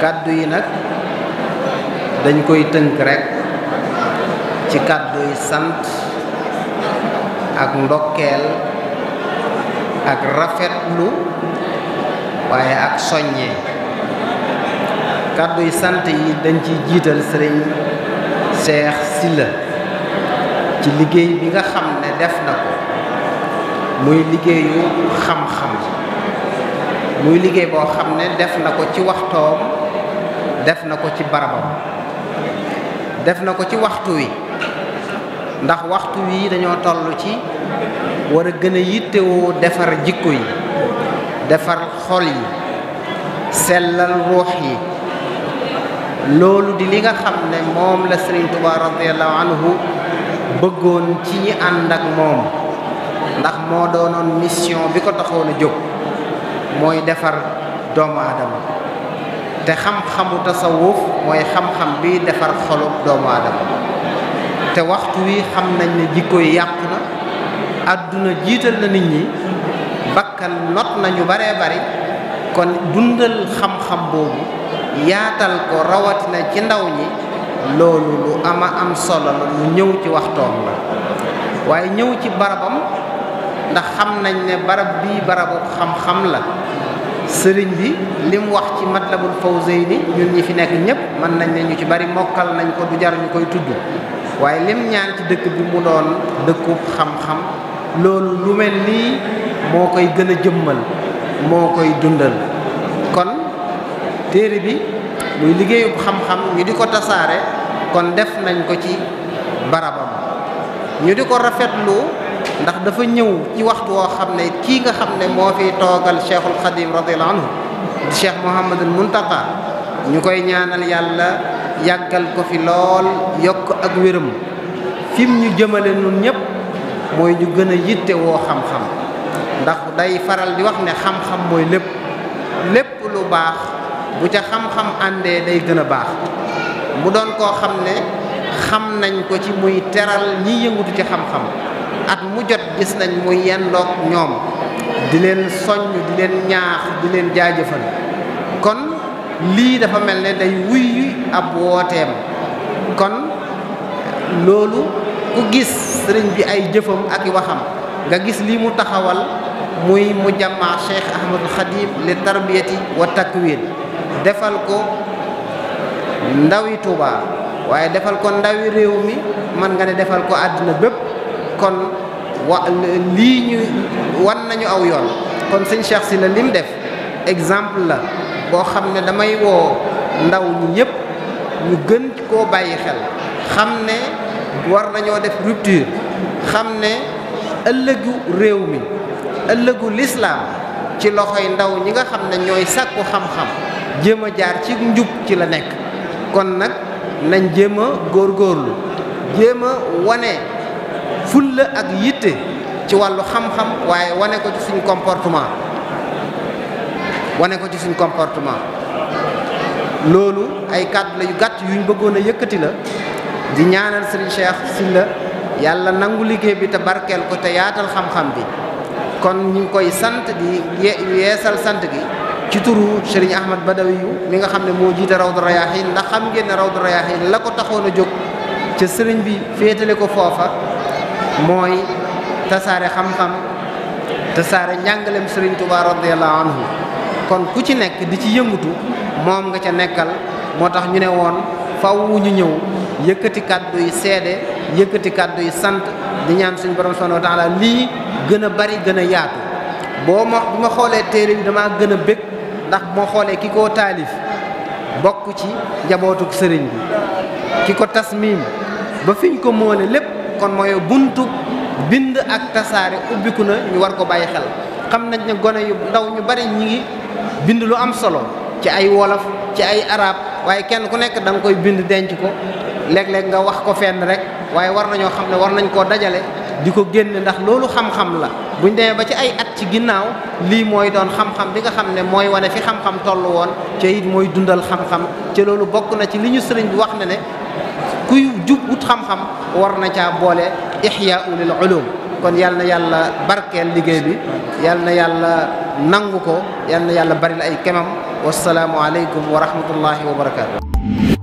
kàddu yi nag dañ koy tënk rekk ci kàddu yi sant ak ndokkeel ak rafetlu waaye ak soññee kàddu sant yi dañ ciy jiital sëriñ Cheikh Sylla ci liggéey bi nga xam ne def na ko muy liggéeyu xam-xam muy liggéey boo xam ne def na ko ci waxtoo def na ko ci barabam def na ko ci waxtu wi ndax waxtu wii dañoo tollu ci war a gën a yittewoo defar jikko yi defar xol yi sellal ruux yi loolu di li nga xam ne moom la Sëriñ Tuubaa radiyallahu anhu bëggoon ci ñi ànd ak moom ndax moo doonoon mission bi ko taxoon a jóg mooy defar doomaadama te xam-xamu tasawuf mooy xam-xam bi defar xolub doomu te waxtu wi xam nañ ne jikko yi na àdduna jiital na nit ñi bakkan not nañu baree bari kon dundal xam-xam boobu yaatal ko rawatina ci ndaw ñi loolu lu ama am solo la lu ñëw ci waxtoom la waaye ñëw ci barabam ndax xam nañ ne barab bii barabu xam-xam la sëriñ bi lim wax ci matlabul ni ñun ñi fi nekk ñëpp mën nañ ne ñu ci bari mokkal nañ ko du jar ñu koy tudd waaye lim ñaan ci dëkk bi mu doon dëkku xam-xam loolu lu mel nii moo koy gën a jëmmal moo koy dundal kon téere bi muy liggéeyub xam-xam ñu di ko tasaare kon def nañ ko ci barabam ñu di ko rafetlu ndax dafa ñëw ci waxtu woo xam ne kii nga xam ne moo fi toogal cheikhul xadim radiallahu anhu di cheikh mouhamadul muntaqa ñu koy ñaanal yàlla yàggal ko fi lool yokk ak wéram fim ñu jëmale nun ñëpp mooy ñu gën a yitte woo xam-xam ndax day faral di wax ne xam-xam mooy lépp lépp lu baax bu ca xam-xam àndee day gën a baax mu doon koo xam ne xam nañ ko ci muy teral ñi yëngutu ci xam-xam at mu jot gis nañ mu yendoog ñoom di leen soññ di leen ñaax di leen jaajëfal kon lii dafa mel ne day wuy ab wooteem kon loolu ku gis sëriñ bi ay jëfam ak waxam nga gis lii mu taxawal muy mu jàmmaa Cheikh Ahmadul Khadim li tarbiyati wa takwin defal ko ndawi Touba waaye defal ko ndawi réew mi mën nga ne defal ko àddina bépp kon wa lii ñu wan nañu aw yoon kon sëñ Cheikh Sylla lim def exemple la boo xam ne damay woo ndaw ñi ñépp ñu gën koo bàyyi xel xam ne war nañoo def rupture xam ne ëllëgu réew mi ëllëgu lislaam ci loxoy ndaw ñi nga xam ne ñooy sàkku xam-xam jéem a jaar ci njub ci la nekk kon nag nañ jéem a góorlu jéem a wane fulla ak yitte ci wàllu xam-xam waaye wane ko ci suñ comportement wane ko ci suñ comportement loolu ay kàddu la yu gàtt yuñ bëggoon a yëkkati la di ñaanal sëriñ Cheikh la yàlla nangu liggéey bi te barkeel ko te yaatal xam-xam bi kon ñu ngi koy sant di yeesal sant gi ci turu sëriñ Ahmad Badawi yu mi nga xam ne moo jiite Rawdu Rayaahin ndax xam ngeen ne Rawdu Rayaahin la ko taxoon a jóg ca sëriñ bi féetale ko foofa mooy tasaare xam-xam tasaare njàngalem sëriñ Tuubaa radiyallahu anhu kon ku ci nekk di ci yëngutu moom nga ca nekkal moo tax ñu ne woon faw ñu ñëw yëkkati kàddu yi seede yëkkati kàddu yi sant di ñaan suñu borom subhanahu wa taala lii gën a bari gën a yaatu boo ma bu xoolee téere bi damaa gën a bég ndax bu ma xoolee ki ko taalif bokk ci njabootuk sëriñ bi ki ko tasmiim ba fiñ ko moole lépp kon mooy buntu bind ak tasaare ubbiku na ñu war ko bàyyi xel xam nañ ne gone yu ndaw ñu bari ñi ngi bind lu am solo ci ay wolof ci ay arab waaye kenn ku nekk da koy bind denc ko léeg-léeg nga wax ko fenn rek waaye war nañoo xam ne war nañ koo dajale di ko génne ndax loolu xam-xam la buñ demee ba ci ay at ci ginnaaw lii mooy doon xam-xam bi nga xam ne mooy wane fi xam-xam toll woon ca it mooy dundal xam-xam ca loolu bokk na ci li ñu sëriñ bi wax ne ne kuy jub wut xam-xam war na caa boole ixyaa ulil ulum kon yal na yàlla barkeel liggéey bi yal na yàlla nangu ko yal na yàlla bari la ay kemam wasalaamu aleykum wa rahmatullahi wa barakaatu.